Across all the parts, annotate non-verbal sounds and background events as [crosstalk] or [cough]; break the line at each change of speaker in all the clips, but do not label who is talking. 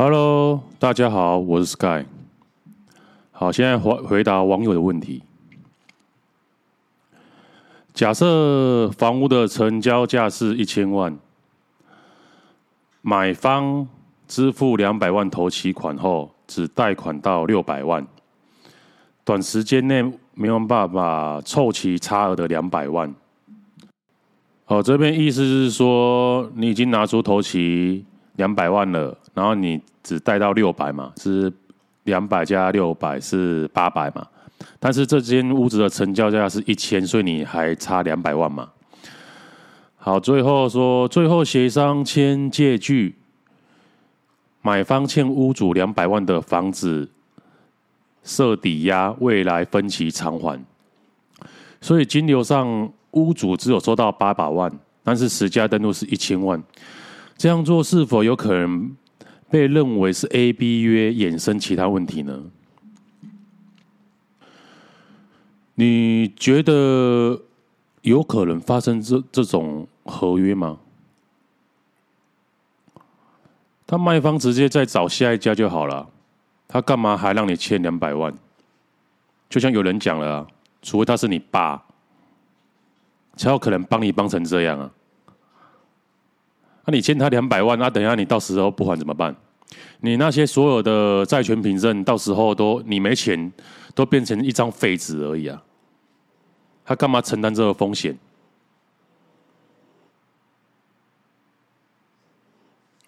Hello，大家好，我是 Sky。好，現在回回答網友的問題。假設房屋的成交價是一千萬，買方支付兩百萬頭期款後，只貸款到六百萬，短時間內沒有辦法湊齊差額的兩百萬。哦，這邊意思就是說，你已經拿出頭期。兩百萬了，然後你只貸到六百嘛，是兩百加六百是八百嘛，但是這間屋子的成交價是一千，所以你還差兩百萬嘛。好，最後說，最後協商簽借據，買方欠屋主兩百萬的房子設抵押，未來分期償還。所以金流上屋主只有收到八百萬，但是實價登錄是一千萬。這樣做是否有可能被認為是 A B 約，衍生其他問題呢？你覺得有可能發生這這種合約嗎？他賣方直接再找下一家就好了啊，他幹嘛還讓你欠兩百萬？就像有人講了啊，除非他是你爸，才有可能幫你幫成這樣啊。那你欠他兩百萬那、啊、等一下，你到時候不還怎麼辦？你那些所有的債權憑證，到時候都你沒錢，都變成一張廢紙而已啊！他幹嘛承擔這個風險？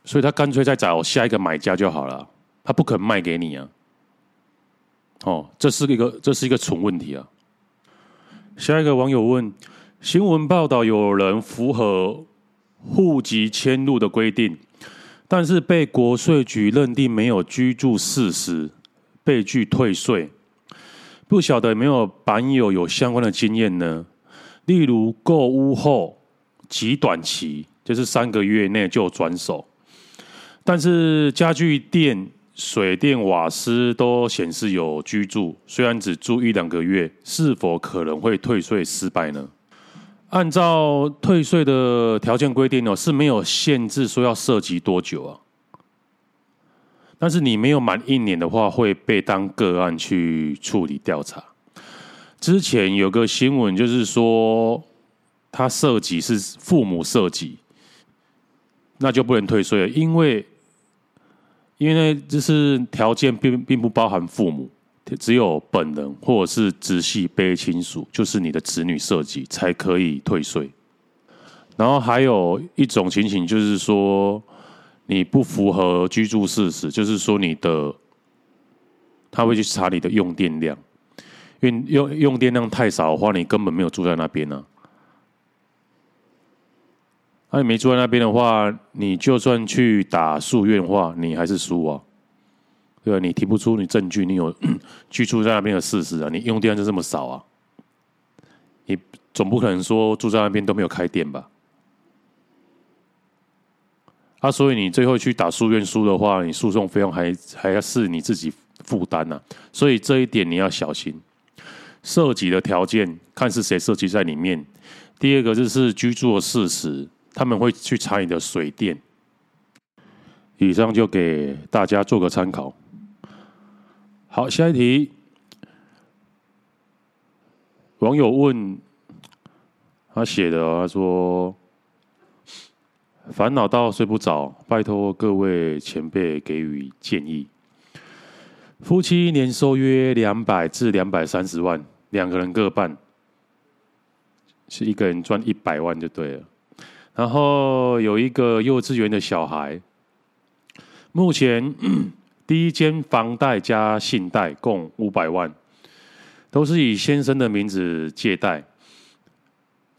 所以他乾脆再找下一個買家就好了。他不肯賣給你啊！哦，這是一個這是一個蠢問題啊！下一個網友問：新聞報道有人符合？戶籍遷入的規定，但是被國稅局認定沒有居住事實，被拒退稅。不曉得沒有版友有相關的經驗呢？例如購屋後極短期，就是三個月內就轉手，但是家具店、水電、瓦斯都顯示有居住，雖然只住一兩個月，是否可能會退稅失敗呢？按照退稅的條件規定哦，是沒有限制說要設籍多久啊。但是你沒有滿一年的話，會被當個案去處理調查。之前有個新聞，就是說他設籍是父母設籍，那就不能退稅了，因為因為就是條件並並不包含父母。只有本人或者是直系卑親屬，就是你的子女、設計才可以退稅。然後還有一種情形，就是說你不符合居住事實，就是說你的他會去查你的用電量，因為用用電量太少的話，你根本沒有住在那邊呢。那你沒住在那邊的話，你就算去打訴願話，你還是輸啊。對，你提不出你證據，你有 [coughs] 居住在那邊的事實啊？你用電量就這麼少啊？你總不可能說住在那邊都沒有開店吧？啊，所以你最後去打訴願書的話，你訴訟費用還還要是你自己負擔啊。所以這一點你要小心。涉及的條件看是誰涉及在裡面。第二個就是居住的事實，他們會去查你的水電。以上就給大家做個參考。好，下一題。網友問，他寫的他說：“煩惱到睡不着，拜託各位前輩給予建議。”夫妻年收約兩百至兩百三十萬，兩個人各半，是一個人賺一百萬就對了。然後有一個幼稚園的小孩，目前。第一間房貸加信貸共五百萬，都是以先生的名字借貸。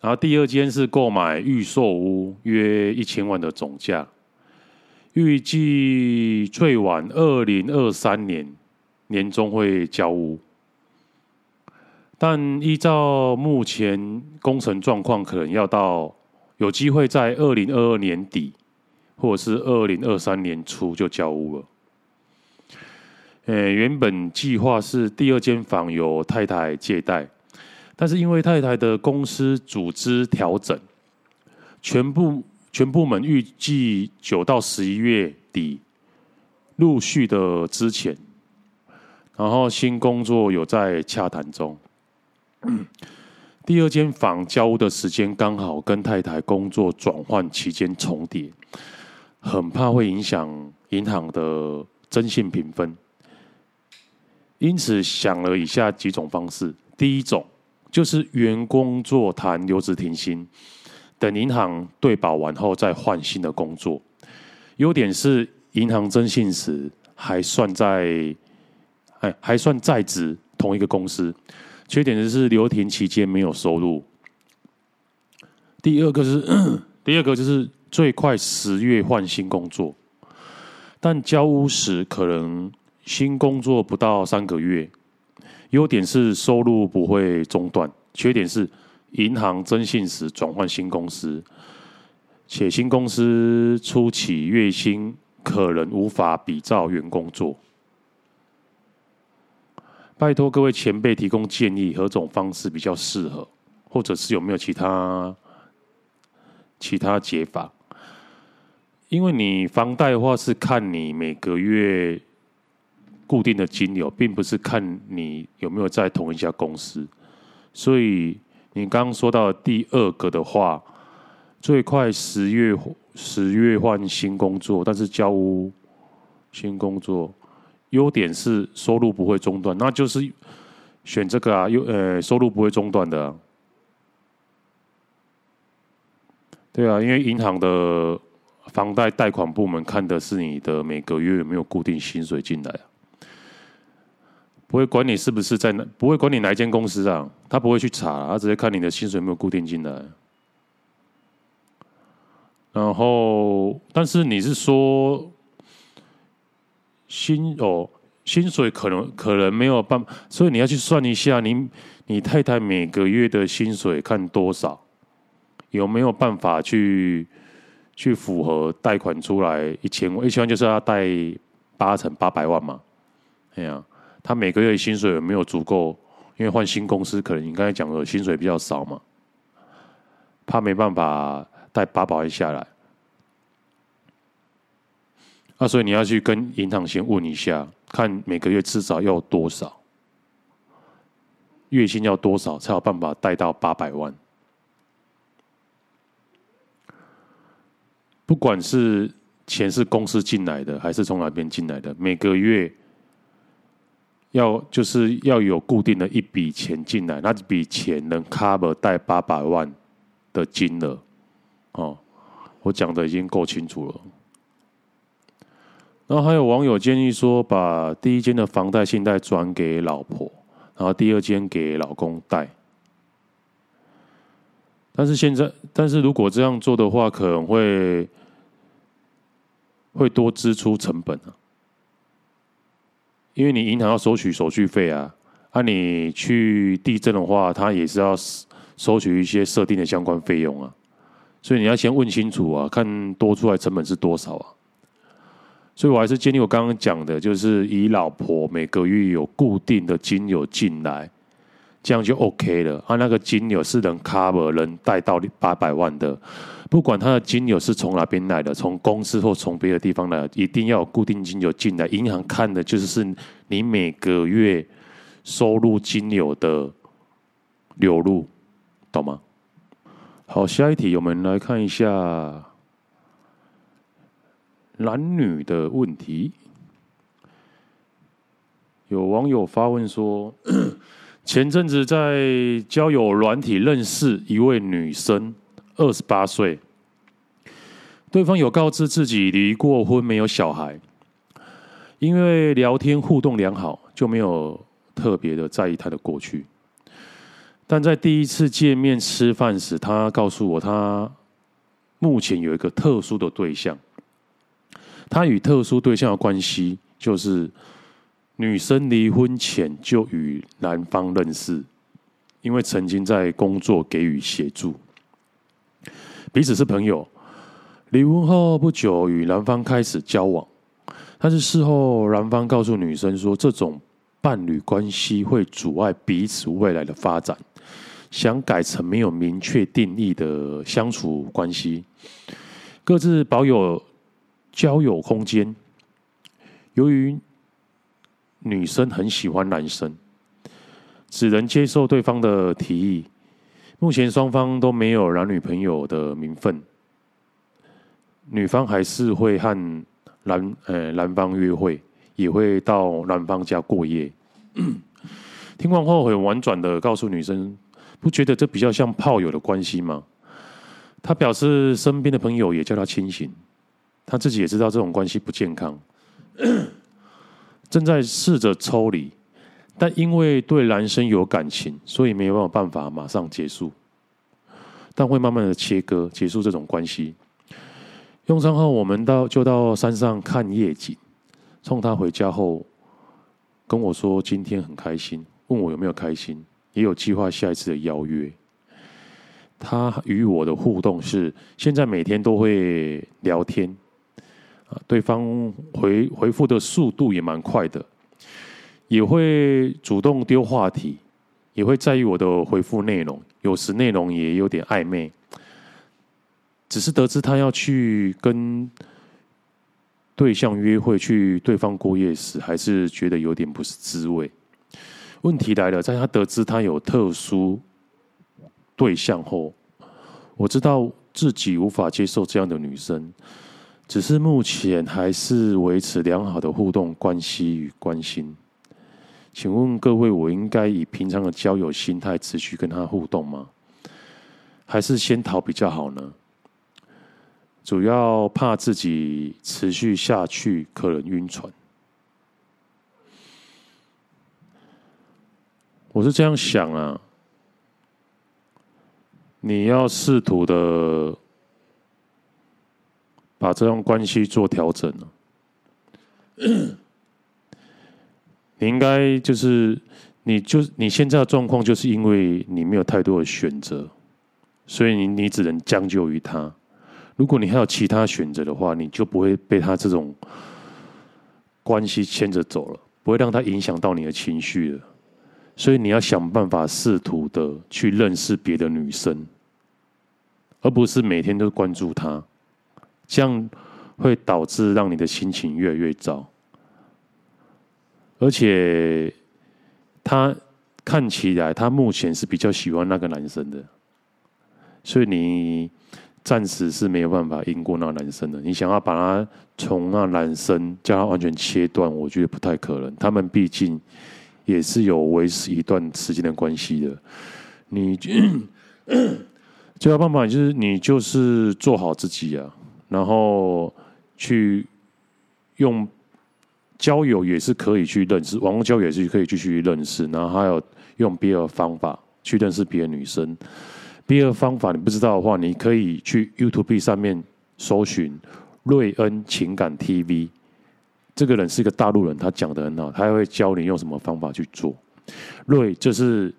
然後第二間是購買預售屋，約一千萬的總價，預計最晚二零二三年年終會交屋，但依照目前工程狀況，可能要到有機會在二零二二年底，或者是二零二三年初就交屋了。呃，原本計劃是第二間房由太太借貸，但是因為太太的公司組織調整，全部全部門預計九到十一月底陸續的資遣，然後新工作有在洽談中。第二間房交屋的時間剛好跟太太工作轉換期間重疊，很怕會影響銀行的徵信評分。因此，想了以下幾種方式。第一種就是原工作談留職停薪，等銀行對保完後再換新的工作。優點是銀行徵信時還算在，哎，還算在職同一個公司。缺點就是留停期間沒有收入。第二個是，第二個就是最快十月換新工作，但交屋時可能。新工作不到三個月，優點是收入不會中斷，缺點是銀行徵信時轉換新公司，且新公司初期月薪可能無法比照原工作。拜托各位前輩提供建議，何種方式比較適合，或者是有沒有其他其他解法？因為你房貸的話是看你每個月。固定的金流，並不是看你有沒有在同一家公司。所以你剛剛說到的第二個的話，最快十月十月換新工作，但是交屋，新工作優點是收入不會中斷，那就是選這個啊，又、呃，呃收入不會中斷的、啊。對啊，因為銀行的房貸貸款部門看的是你的每個月有沒有固定薪水進來啊。不會管你是不是在哪，不會管你哪一間公司啊，他不會去查，他直接看你的薪水有沒有固定進來。然後，但是你是說薪哦，薪水可能可能沒有辦法，所以你要去算一下，你你太太每個月的薪水看多少，有沒有辦法去去符合貸款出來一千萬？一千萬就是要貸八成八百萬嘛？對呀，啊。他每個月薪水有沒有足夠？因為換新公司，可能你剛才講的薪水比較少嘛，他沒辦法貸八百萬下來。啊，所以你要去跟銀行先問一下，看每個月至少要多少，月薪要多少才有辦法貸到八百萬。不管是錢是公司進來的，還是從哪邊進來的，每個月。要就是要有固定的一筆錢進來，那這筆錢能 cover 貸八百萬的金額哦。我講的已經夠清楚了。然後還有網友建議說，把第一間的房貸、信貸轉給老婆，然後第二間給老公貸。但是現在，但是如果這樣做的話，可能會會多支出成本。因為你銀行要收取手續費啊，那、啊、你去遞增的話，它也是要收取一些設定的相關費用啊，所以你要先問清楚啊，看多出來成本是多少啊，所以我還是建議我剛剛講的，就是以老婆每個月有固定的金流進來。這樣就 OK 了。他、啊、那個金流是能 cover 能帶到八百萬的，不管他的金流是從哪邊來的，從公司或從別的地方來，一定要有固定金流進來。銀行看的就是你每個月收入金流的流入，懂嗎？好，下一題，我們來看一下男女的問題。有網友發問說，前陣子在交友軟體認識一位女生，二十八歲。對方有告知自己離過婚，沒有小孩。因為聊天互動良好，就沒有特別的在意她的過去。但在第一次見面吃飯時，她告訴我，她目前有一個特殊的對象。她與特殊對象的關係就是。女生離婚前就與男方認識，因為曾經在工作給予協助，彼此是朋友。離婚後不久，與男方開始交往，但是事後男方告訴女生說，這種伴侶關係會阻礙彼此未來的發展，想改成沒有明確定義的相處關係，各自保有交友空間。由於女生很喜歡男生，只能接受對方的提議。目前雙方都沒有男女朋友的名分，女方還是會和男呃、欸、男方約會，也會到男方家過夜。 [coughs] 聽完後，很婉轉地告訴女生，不覺得這比較像炮友的關係嗎？她表示，身邊的朋友也叫她清醒，她自己也知道這種關係不健康。 [coughs] 正在試着抽離，但因為對男生有感情，所以沒有辦法馬上結束，但會慢慢的切割，結束這種關係。用餐後，我們到就到山上看夜景。送他回家後，跟我說今天很開心，問我有沒有開心，也有計劃下一次的邀約。他與我的互動是，現在每天都會聊天。對方回回復的速度也蠻快的，也會主動丟話題，也會在意我的回復內容，有時內容也有點曖昧。只是得知他要去跟對象約會、去對方過夜時，還是覺得有點不是滋味。問題來了，在他得知他有特殊對象後，我知道自己無法接受這樣的女生。只是目前還是維持良好的互動關係與關心。請問各位，我應該以平常的交友心態持續跟他互動嗎？還是先逃比較好呢？主要怕自己持續下去可能暈船。我是這樣想啊，你要試圖的。把這段關係做調整了，啊，你應該就是你，就你現在的狀況，就是因為你沒有太多的選擇，所以你你只能將就於他。如果你還有其他選擇的話，你就不會被他這種關係牽着走了，不會讓他影響到你的情緒了。所以你要想辦法試圖的去認識別的女生，而不是每天都關注他。這樣會導致讓你的心情越來越糟，而且他看起來他目前是比較喜歡那個男生的，所以你暫時是沒有辦法贏過那個男生的。你想要把他從那個男生將他完全切斷，我覺得不太可能。他們畢竟也是有維持一段時間的關係的。你最好辦法就是你就是做好自己呀、啊。然後去用交友也是可以去認識，網絡交友也是可以繼續認識。然後還有用別的方法去認識別的女生。別的方法你不知道的話，你可以去 YouTube 上面搜尋瑞恩情感 TV。這個人是一個大陸人，他講得很好，他會教你用什麼方法去做。瑞就是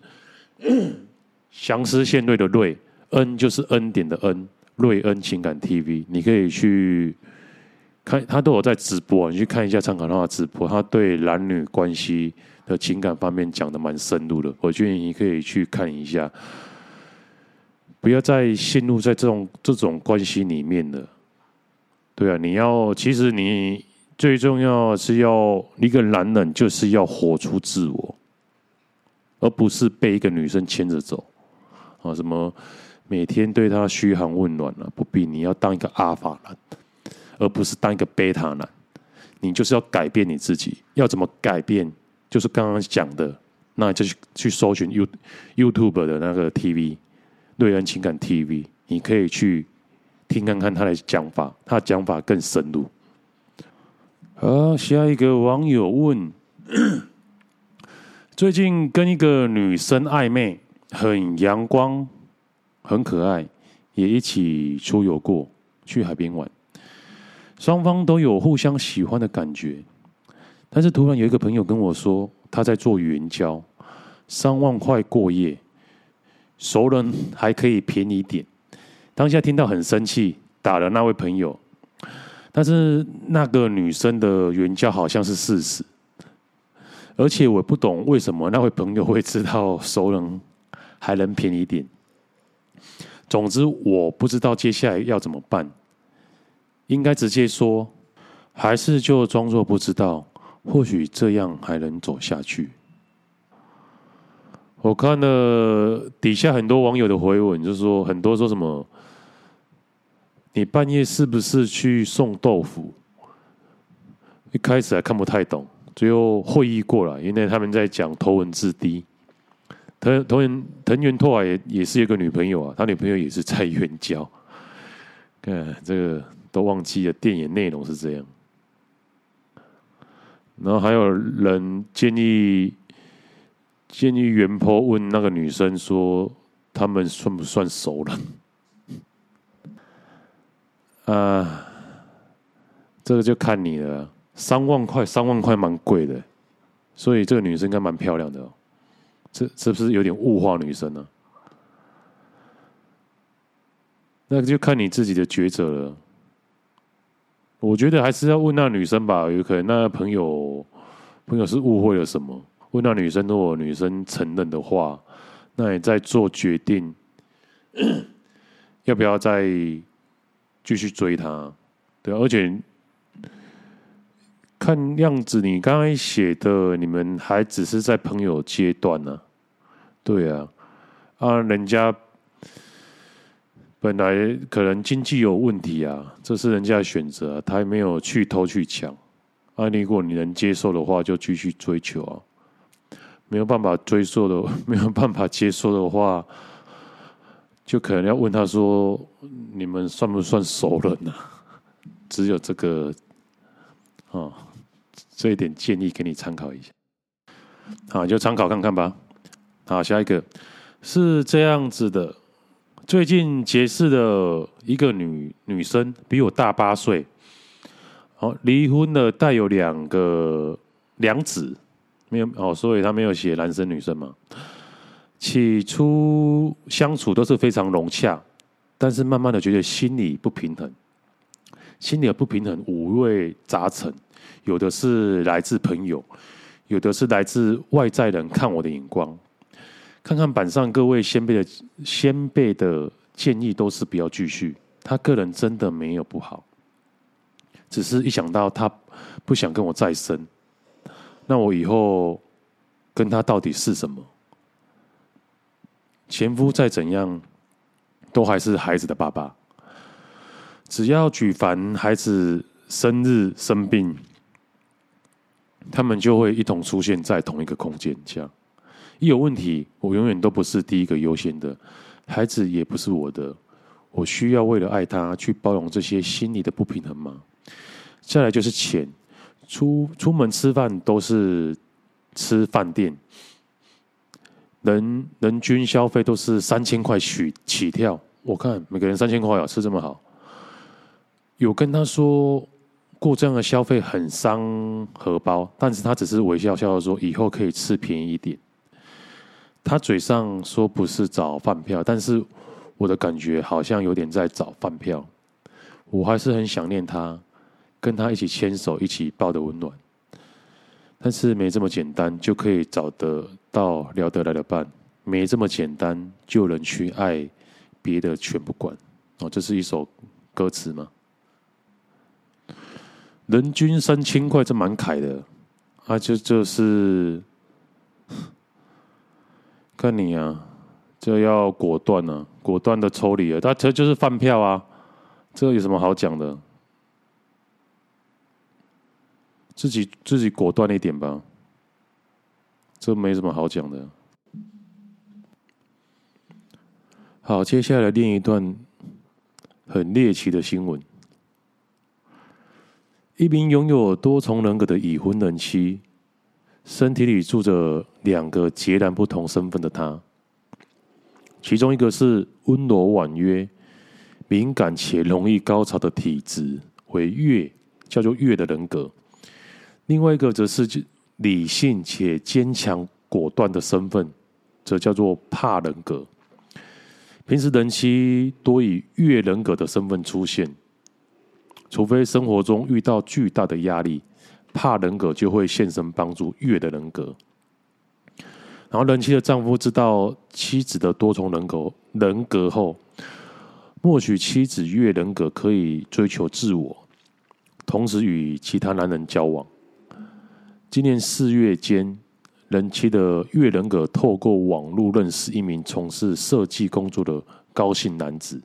相思現對的瑞，恩就是恩典的恩。瑞恩情感 TV，你可以去看，他都有在直播，你去看一下參考他的直播。他對男女關係的情感方面講的蠻深入的，我覺得你可以去看一下，不要再陷入在這種這種關係裡面了。對啊，你要，其實你最重要是要一個男人就是要活出自我，而不是被一個女生牽着走啊什麼。每天對他噓寒問暖了、啊，不必。你要當一個阿法男，而不是當一個貝塔男。你就是要改變你自己。要怎麼改變？就是剛剛講的，那就去去搜尋 u YouTube 的那個 TV 瑞恩情感 TV，你可以去聽看看他的講法，他的講法更深入。好，下一個網友問： [laughs] 最近跟一個女生曖昧，很陽光。很可愛，也一起出遊過去海邊玩，雙方都有互相喜歡的感覺。但是突然有一個朋友跟我說，他在做援交，三萬塊過夜，熟人還可以便宜一點。當下聽到很生氣，打了那位朋友。但是那個女生的援交好像是四十，而且我不懂為什麼那位朋友會知道熟人還能便宜一點。總之，我不知道接下來要怎麼辦。應該直接說，還是就裝作不知道？或許這樣還能走下去。我看了底下很多網友的回文，就是說很多說什麼，你半夜是不是去送豆腐？一開始還看不太懂，最後會意過來，因為他們在講頭文字 D。藤藤原藤原拓也也是有個女朋友啊，他女朋友也是在援交。嗯，這個都忘記了，電影內容是這樣。然後還有人建議建議原 PO 問那個女生說，他們算不算熟了？啊，這個就看你了。三萬塊，三萬塊蠻貴的，所以這個女生應該蠻漂亮的哦。這是不是有點物化女生呢？那就看你自己的抉擇了。我覺得還是要問那女生吧，有可能那朋友朋友是誤會了什麼？問那女生，如果女生承認的話，那你再做決定要不要再繼續追她。對，而且。看樣子，你剛才寫的，你們還只是在朋友階段呢、啊。對啊，啊，人家本來可能經濟有問題啊，這是人家的選擇、啊，他還沒有去偷去搶。啊，你如果你能接受的話，就繼續追求啊。沒有辦法追溯的，沒有辦法接受的話，就可能要問他說，你們算不算熟人呢、啊？只有這個，啊、嗯。這一點建議給你參考一下，好，就參考看看吧。好，下一個是這樣子的：最近結識的一個女女生，比我大八歲，好，離婚的，帶有兩個兩子，沒有哦，所以他沒有寫男生女生嘛。起初相處都是非常融洽，但是慢慢的覺得心理不平衡，心理的不平衡五味雜陳。有的是來自朋友，有的是來自外在人看我的眼光。看看板上各位先輩的先輩的建議，都是不要繼續。他個人真的沒有不好，只是一想到他不想跟我再生，那我以後跟他到底是什麼？前夫再怎樣，都還是孩子的爸爸。只要舉凡孩子生日、生病，他們就會一同出現在同一個空間，這樣一有問題，我永遠都不是第一個優先的。孩子也不是我的，我需要為了愛他去包容這些心理的不平衡嗎？再來就是錢，出出門吃飯都是吃飯店，人人均消費都是三千塊許起跳。我看每個人三千塊啊，吃這麼好，有跟他說。過這樣的消費很傷荷包，但是他只是微笑笑着說，以後可以吃便宜一點。他嘴上說不是找飯票，但是我的感覺好像有點在找飯票。我還是很想念他，跟他一起牽手，一起抱的溫暖。但是沒這麼簡單，就可以找得到聊得來的伴，沒這麼簡單，就能去愛，別的全不管。哦，這是一首歌詞嗎？人均三千塊，這蠻凱的，啊，就就是，看你啊，這要果斷啊，果斷的抽離啊，他這就是飯票啊，這有什麼好講的？自己自己果斷一點吧，這沒什麼好講的。好，接下來另一段很獵奇的新聞。一名擁有多重人格的已婚人妻，身體裡住着兩個截然不同身份的她，其中一個是溫柔婉約、敏感且容易高潮的體質，為月，叫做月的人格；另外一個則是理性且堅強果斷的身份，則叫做怕人格。平時人妻多以月人格的身份出現。除非生活中遇到巨大的壓力，怕人格就會現身幫助月的人格。然後，人妻的丈夫知道妻子的多重人格人格後，默許妻子月人格可以追求自我，同時與其他男人交往。今年四月間，人妻的月人格透過網絡認識一名從事設計工作的高姓男子。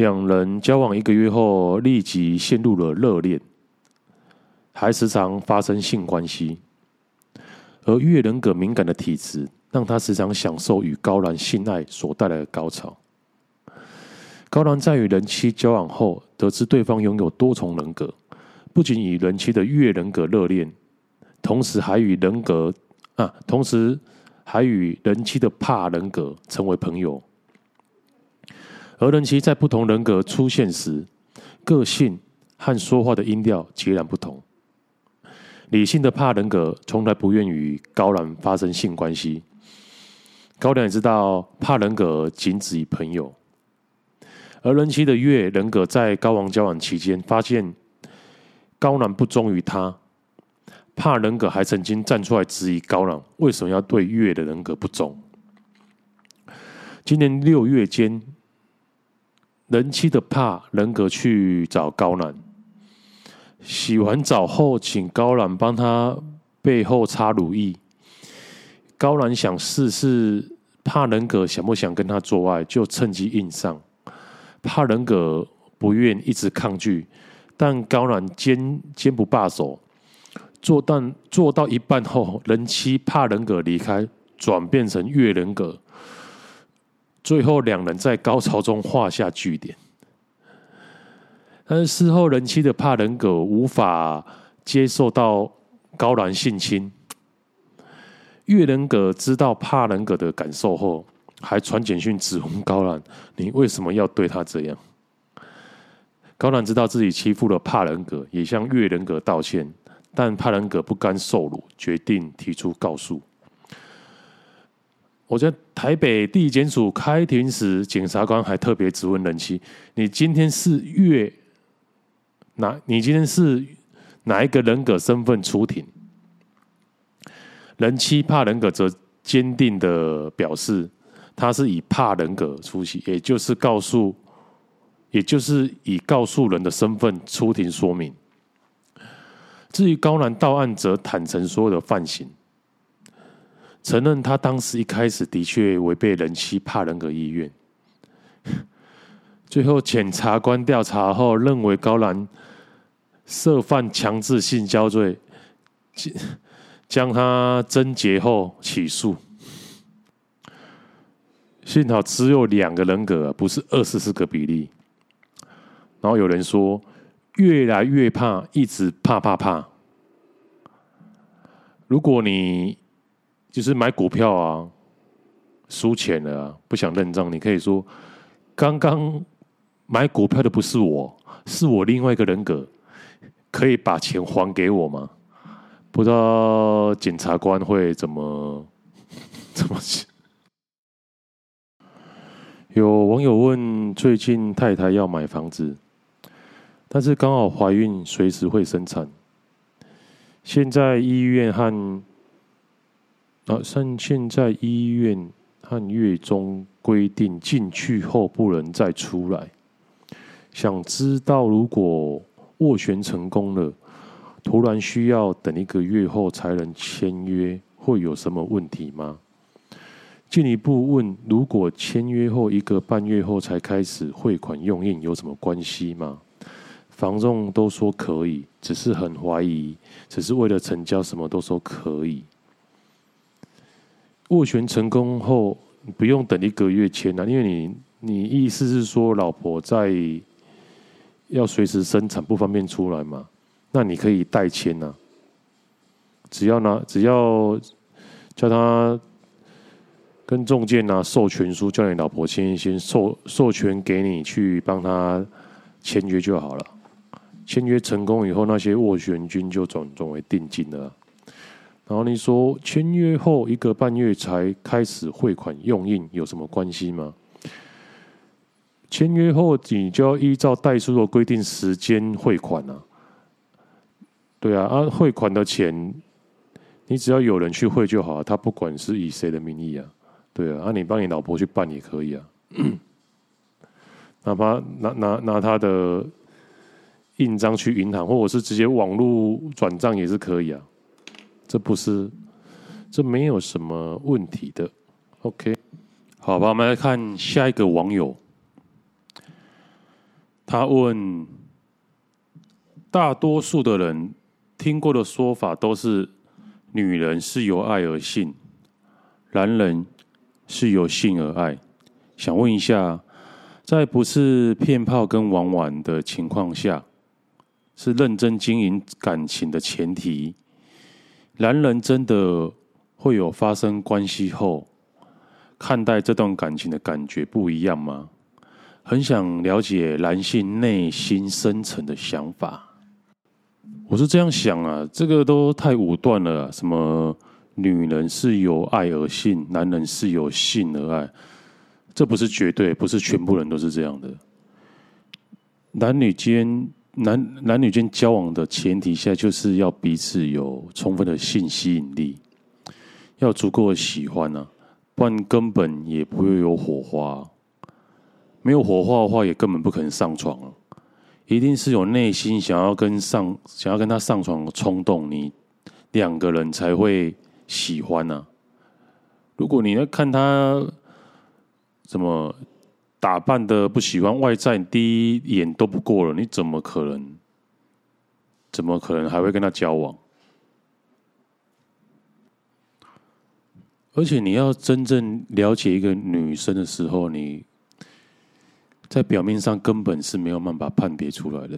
兩人交往一個月後，立即陷入了熱戀，還時常發生性關係。而月人格敏感的體質，讓他時常享受與高蘭性愛所帶來的高潮。高蘭在與人妻交往後，得知對方擁有多重人格，不僅與人妻的月人格熱戀，同時還與人格啊，同時還與人妻的怕人格成為朋友。而人妻在不同人格出現時，個性和說話的音調截然不同。理性的怕人格從來不願與高男發生性關係，高男也知道怕人格僅止於朋友。而人妻的月人格在高男交往期間，發現高男不忠於他，怕人格還曾經站出來質疑高男為什麼要對月的人格不忠。今年六月間，人妻的怕人格去找高蘭，洗完澡後請高蘭幫他背後插乳液。高蘭想試試，怕人格想不想跟他做愛，就趁機硬上。怕人格不願一直抗拒，但高蘭堅堅不罷手。做但做到一半後，人妻怕人格離開，轉變成越人格。最後，兩人在高潮中畫下句點。但是事後，人妻的怕人格無法接受到高蘭性侵，越人格知道怕人格的感受後，還傳簡訊指控高蘭：“你為什麼要對他這樣？”高蘭知道自己欺負了怕人格，也向越人格道歉，但怕人格不甘受辱，決定提出告訴。我在台北地檢署開庭時，檢察官還特別質問人妻：“你今天是月哪？你今天是哪一個人格身份出庭？”人妻怕人格，則堅定地表示，他是以怕人格出席，也就是告訴，也就是以告訴人的身份出庭說明。至於高男到案，則坦承所有的犯行。承認他當時一開始的確違背人妻、怕人格意願。最後，檢察官調查後認為高蘭涉犯強制性交罪，將他偵結後起訴。幸好只有兩個人格，不是二十四個比利。然後有人說，越來越怕，一直怕怕怕、怕。如果你。就是買股票啊，輸錢了啊，不想認賬。你可以說，剛剛買股票的不是我，是我另外一個人格，可以把錢還給我嗎？不知道檢察官會怎麼怎麼去。有網友問：最近太太要買房子，但是剛好懷孕，隨時會生產。現在醫院和啊，像現在醫院和月中規定進去後不能再出來。想知道如果斡旋成功了，突然需要等一個月後才能簽約，會有什麼問題嗎？進一步問，如果簽約後一個半月後才開始匯款用印，有什麼關係嗎？房仲都說可以，只是很懷疑，只是為了成交，什麼都說可以。斡旋成功後，你不用等一個月簽了啊，因為你，你意思是說老婆在要隨時生產不方便出來嘛？那你可以代簽啊。只要拿，只要叫他跟中介拿授權書，叫你老婆簽一簽先授授權給你去幫他簽約就好了。簽約成功以後，那些斡旋金就轉轉為定金了。然後你說簽約後一個半月才開始匯款用印有什麼關係嗎？簽約後你就要依照代書的規定時間匯款啊。對啊，啊匯款的錢，你只要有人去匯就好，他不管是以誰的名義啊，對啊，那、啊、你幫你老婆去辦也可以啊，哪怕 [coughs] 拿拿拿他的印章去銀行，或者是直接網絡轉賬也是可以啊。這不是，這沒有什麼問題的。OK，好吧，我們來看下一個網友。他問：大多數的人聽過的說法都是，女人是由愛而性，男人是由性而愛。想問一下，在不是騙炮跟玩玩的情況下，是認真經營感情的前提。男人真的會有發生關係後看待這段感情的感覺不一樣嗎？很想了解男性內心深層的想法。我是這樣想啊，這個都太武斷了。什麼女人是由愛而性，男人是由性而愛，這不是絕對，不是全部人都是這樣的。男女間。男男女間交往的前提下，就是要彼此有充分的性吸引力，要足夠的喜歡呢啊，不然根本也不會有火花。沒有火花的話，也根本不可能上床啊。一定是有內心想要跟上想要跟他上床的衝動，你兩個人才會喜歡呢啊。如果你要看他怎麼。打扮的不喜歡外在，第一眼都不過了，你怎麼可能？怎麼可能還會跟他交往？而且你要真正了解一個女生的時候，你在表面上根本是沒有辦法判別出來的。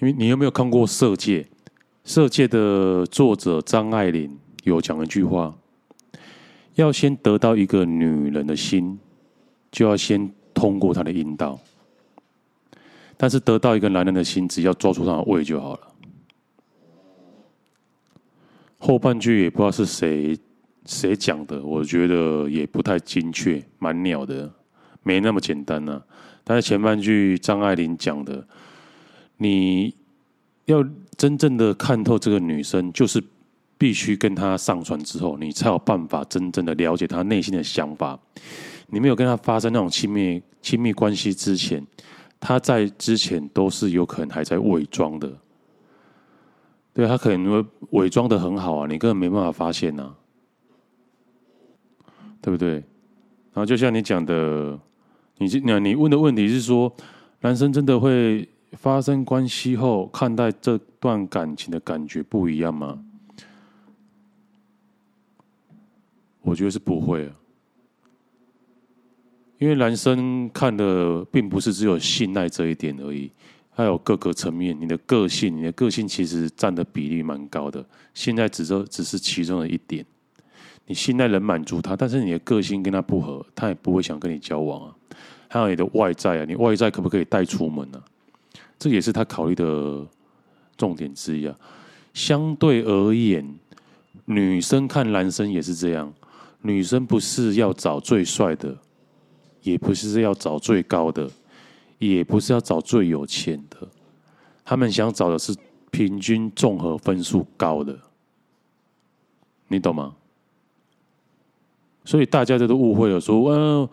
因為你有沒有看過《色戒》？《色戒》的作者張愛玲有講一句話。要先得到一個女人的心，就要先通過她的陰道。但是得到一個男人的心，只要抓住他的胃就好了。後半句也不知道是誰誰講的，我覺得也不太精確，蠻鳥的，沒那麼簡單呢、啊。但是前半句張愛玲講的，你要真正的看透這個女生，就是。必須跟他上床之後，你才有辦法真正的了解他內心的想法。你沒有跟他發生那種親密親密關係之前，他在之前都是有可能還在偽裝的。對，他可能會偽裝的很好啊，你根本沒辦法發現啊，對不對？然後就像你講的，你那你問的問題是說，男生真的會發生關係後，看待這段感情的感覺不一樣嗎？我覺得是不會啊，因為男生看的並不是只有性愛這一點而已，還有各個層面。你的個性，你的個性其實佔的比例蠻高的。性愛只是只是其中的一點，你性愛能滿足他，但是你的個性跟他不合，他也不會想跟你交往啊。還有你的外在啊，你外在可不可以帶出門呢、啊？這也是他考慮的重點之一啊。相對而言，女生看男生也是這樣。女生不是要找最帥的，也不是要找最高的，也不是要找最有錢的，他們想找的是平均綜合分數高的，你懂嗎？所以大家就都誤會了，說，嗯、呃，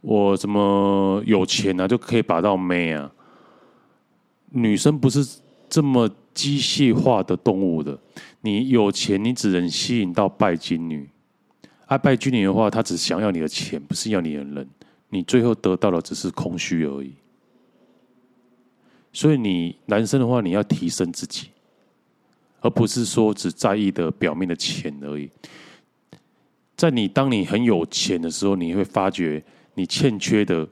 我怎麼有錢啊，就可以把到妹啊？女生不是這麼機械化的動物的，你有錢，你只能吸引到拜金女。愛拜金女的話，她只想要你的錢，不是要你的人。你最後得到的只是空虛而已。所以，你男生的話，你要提升自己，而不是說只在意的表面的錢而已。在你當你很有錢的時候，你會發覺你欠缺的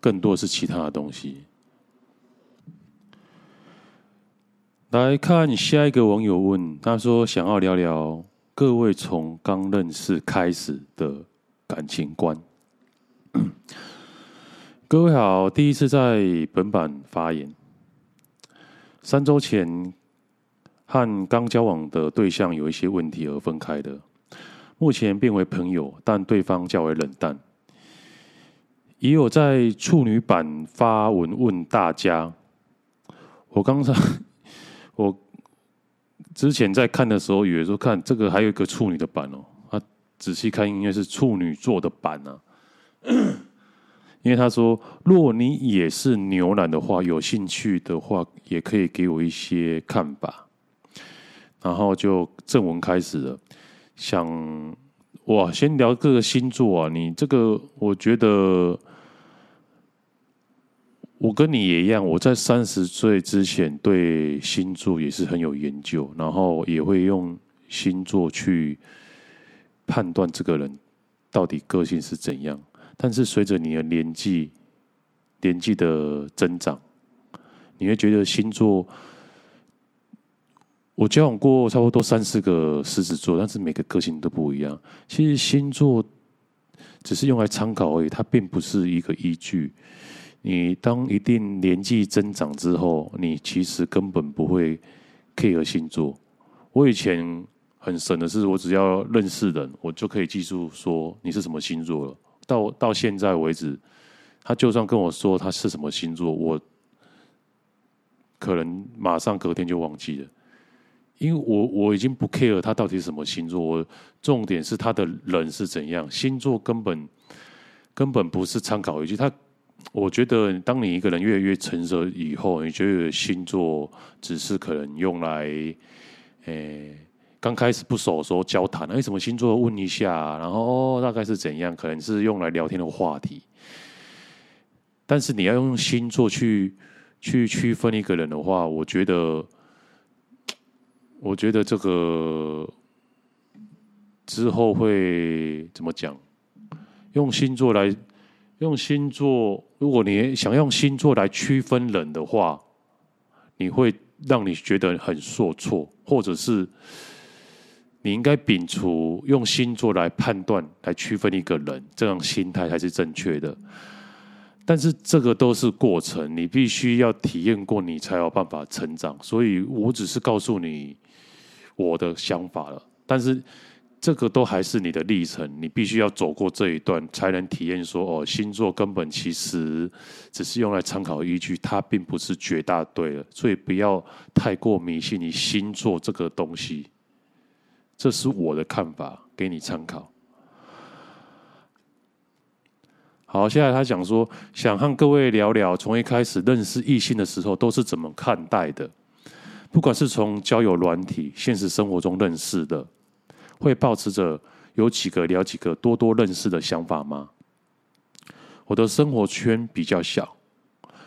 更多的是其他的東西。來看下一個網友問，他說：“想要聊聊。”各位從剛認識開始的感情觀，各位好，第一次在本版發言。三週前和剛交往的對象有一些問題而分開的，目前變為朋友，但對方較為冷淡。也有在處女版發文問大家：我剛才我。之前在看的時候，有人說看這個還有一個處女的版哦。他、啊、仔細看，應該是處女座的版啊。因為他說，如果你也是牛懶的話，有興趣的話，也可以給我一些看法。然後就正文開始了。想哇，先聊各個星座啊。你這個，我覺得。我跟你也一樣，我在三十歲之前對星座也是很有研究，然後也會用星座去判斷這個人到底個性是怎樣。但是隨着你的年紀年紀的增長，你會覺得星座，我交往過差不多三四個獅子座，但是每個個性都不一樣。其實星座只是用來參考而已，它並不是一個依據。你當一定年紀增長之後，你其實根本不會 care 星座。我以前很神的是，我只要認識人，我就可以記住說你是什麼星座了。到到現在為止，他就算跟我說他是什麼星座，我可能馬上隔天就忘記了，因為我我已經不 care 他到底是什麼星座。我重點是他的人是怎樣，星座根本根本不是參考依據他。我覺得，當你一個人越來越成熟以後，你覺得星座只是可能用來，誒，剛開始不熟的時候交談，哎，為什麼星座問一下，啊，然後大概是怎樣，可能是用來聊天的話題。但是你要用星座去去區分一個人的話，我覺得，我覺得這個之後會怎麼講？用星座來，用星座。如果你也想用星座來區分人的話，你會讓你覺得很受挫，或者是你應該摒除用星座來判斷、來區分一個人，這樣心態才是正確的。但是這個都是過程，你必須要體驗過，你才有辦法成長。所以我只是告訴你我的想法了，但是。這個都還是你的歷程，你必須要走過這一段，才能體驗說哦，星座根本其實只是用來參考依據，它並不是絕大對的，所以不要太過迷信你星座這個東西。這是我的看法，給你參考。好，現在他講說，想和各位聊聊，從一開始認識異性的時候，都是怎麼看待的？不管是從交友軟體、現實生活中認識的。會抱持着有幾個聊幾個多多認識的想法嗎？我的生活圈比較小，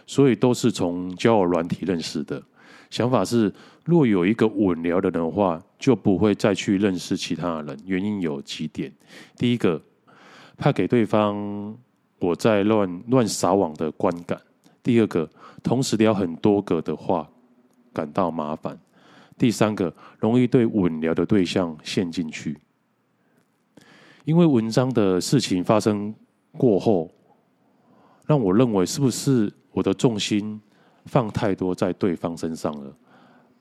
所以都是從交友軟體認識的。想法是，若有一個穩聊的人的話，就不會再去認識其他人。原因有幾點：第一個，怕給對方我在亂亂撒網的觀感；第二個，同時聊很多個的話，感到麻煩。第三個，容易對穩聊的對象陷進去，因為文章的事情發生過後，讓我認為是不是我的重心放太多在對方身上了，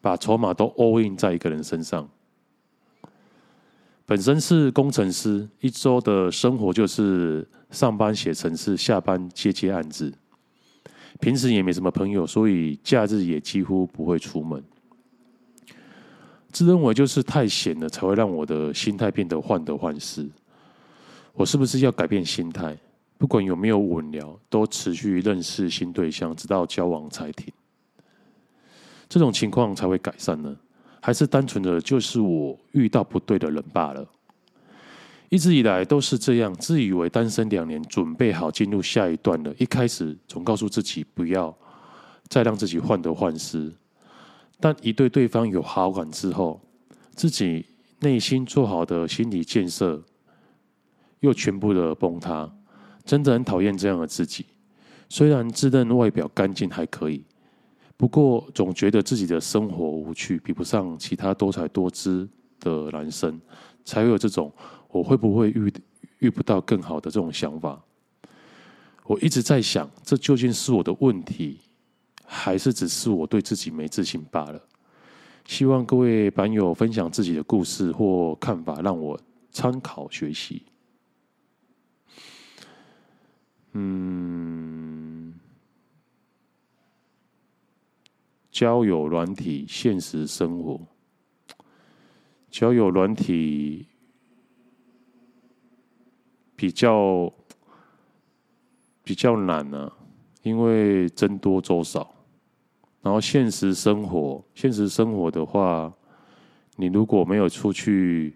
把籌碼都 all in 在一個人身上。本身是工程師，一周的生活就是上班寫程式，下班接接案子，平時也沒什麼朋友，所以假日也幾乎不會出門。自認為就是太閒了，才會讓我的心態變得患得患失。我是不是要改變心態？不管有沒有穩聊，都持續認識新對象，直到交往才停。這種情況才會改善呢？還是單純的就是我遇到不對的人罷了？一直以來都是這樣，自以為單身兩年準備好進入下一段了，一開始總告訴自己不要再讓自己患得患失。但一對對方有好感之後，自己內心做好的心理建設又全部的崩塌，真的很討厭這樣的自己。雖然自認外表乾淨還可以，不過總覺得自己的生活無趣，比不上其他多才多姿的男生，才會有這種我會不會遇遇不到更好的這種想法。我一直在想，這究竟是我的問題？還是只是我對自己沒自信罷了。希望各位版友分享自己的故事或看法，讓我參考學習。嗯，交友軟體，現實生活，交友軟體比較比較難啊，因為僧多粥少。然後現實生活，現實生活的話，你如果沒有出去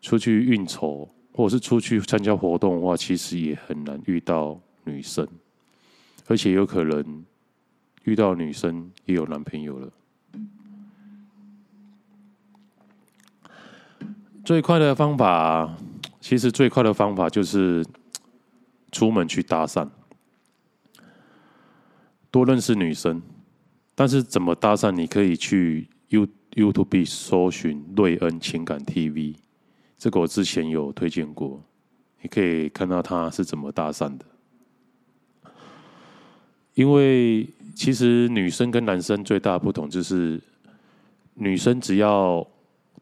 出去應酬，或者是出去參加活動的話，其實也很難遇到女生，而且有可能遇到女生也有男朋友了。最快的方法，其實最快的方法就是出門去搭訕，多認識女生。但是怎麼搭訕？你可以去 YouTube 搜尋瑞恩情感 T V，這個我之前有推薦過，你可以看到他是怎麼搭訕的。因為其實女生跟男生最大的不同就是，女生只要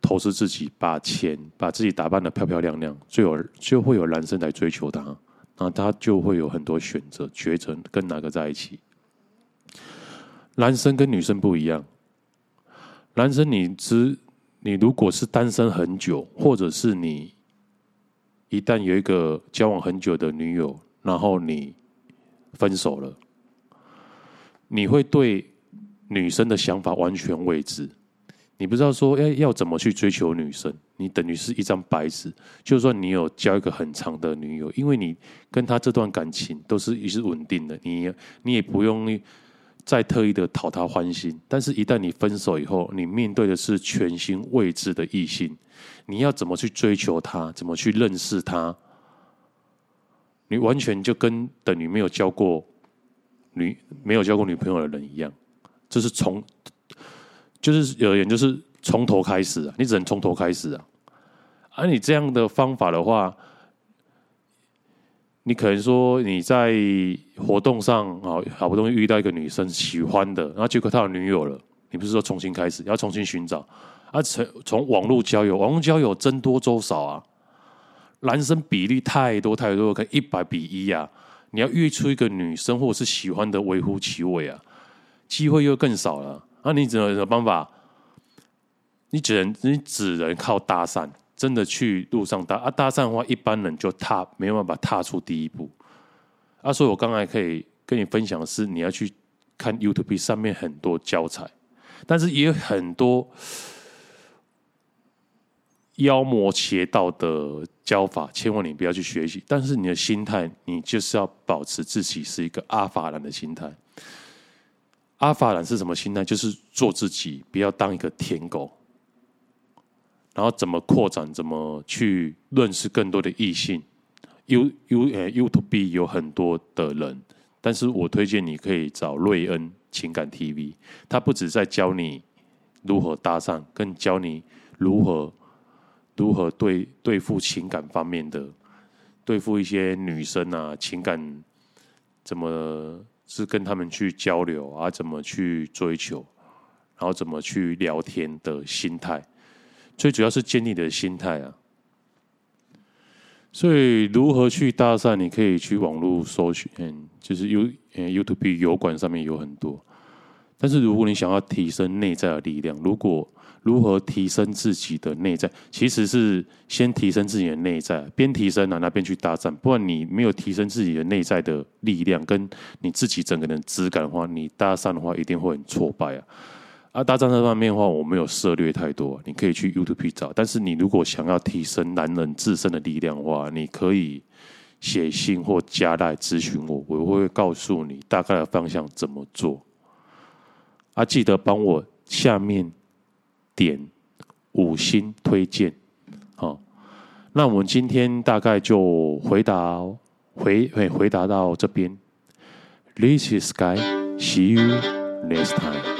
投資自己，把錢把自己打扮的漂漂亮亮，就有就會有男生來追求她，那她就會有很多選擇抉擇跟哪個在一起。男生跟女生不一樣。男生，你知，你如果是單身很久，或者是你一旦有一個交往很久的女友，然後你分手了，你會對女生的想法完全未知。你不知道說哎，要要怎麼去追求女生，你等於是一張白紙。就算你有交一個很長的女友，因為你跟她這段感情都是一直穩定的，你你也不用。再特意的討他歡心，但是，一旦你分手以後，你面對的是全新未知的異性，你要怎麼去追求他，怎麼去認識他？你完全就跟等於沒有交過女沒有交過女朋友的人一樣，就是從就是有人就是從頭開始啊，你只能從頭開始啊。而、啊、你這樣的方法的話，你可能說你在活動上啊，好不容易遇到一個女生喜歡的，然後結果他有女友了，你不是說重新開始要重新尋找，啊，且從網絡交友，網絡交友僧多粥少啊，男生比例太多太多，可一百比一啊，你要約出一個女生或者是喜歡的微乎其微啊，機會又更少了，那、啊、你只能有什麼辦法？你只能你只能靠搭訕。真的去路上搭啊搭訕的話，一般人就踏沒辦法踏出第一步。啊，所以我剛才可以跟你分享的是，你要去看 YouTube 上面很多教材，但是也有很多妖魔邪道的教法，千萬你不要去學習。但是你的心態，你就是要保持自己是一個阿法蘭的心態。阿法蘭是什麼心態？就是做自己，不要當一個舔狗。然後怎麼擴展？怎麼去認識更多的異性？U U YouTube 有很多的人，但是我推薦你可以找瑞恩情感 TV，他不止在教你如何搭訕，更教你如何如何對對付情感方面的，對付一些女生啊，情感怎麼是跟他們去交流啊？怎麼去追求？然後怎麼去聊天的心態？最主要是建立你的心態啊，所以如何去搭訕，你可以去網絡搜尋，就是有呃 YouTube 油管上面有很多。但是如果你想要提升內在的力量，如果如何提升自己的內在，其實是先提升自己的內在，邊提升啊，那邊去搭訕。不然你沒有提升自己的內在的力量，跟你自己整個人質感的話，你搭訕的話一定會很挫敗啊。啊，搭訕這方面的話，我沒有涉獵太多，你可以去 YouTube 找。但是你如果想要提升男人自身的力量的話，你可以寫信或加賴諮詢我，我會告訴你大概的方向怎麼做。啊，記得幫我下面點五星推薦，好。那我們今天大概就回答回回回答到這邊。This is Sky. See you next time.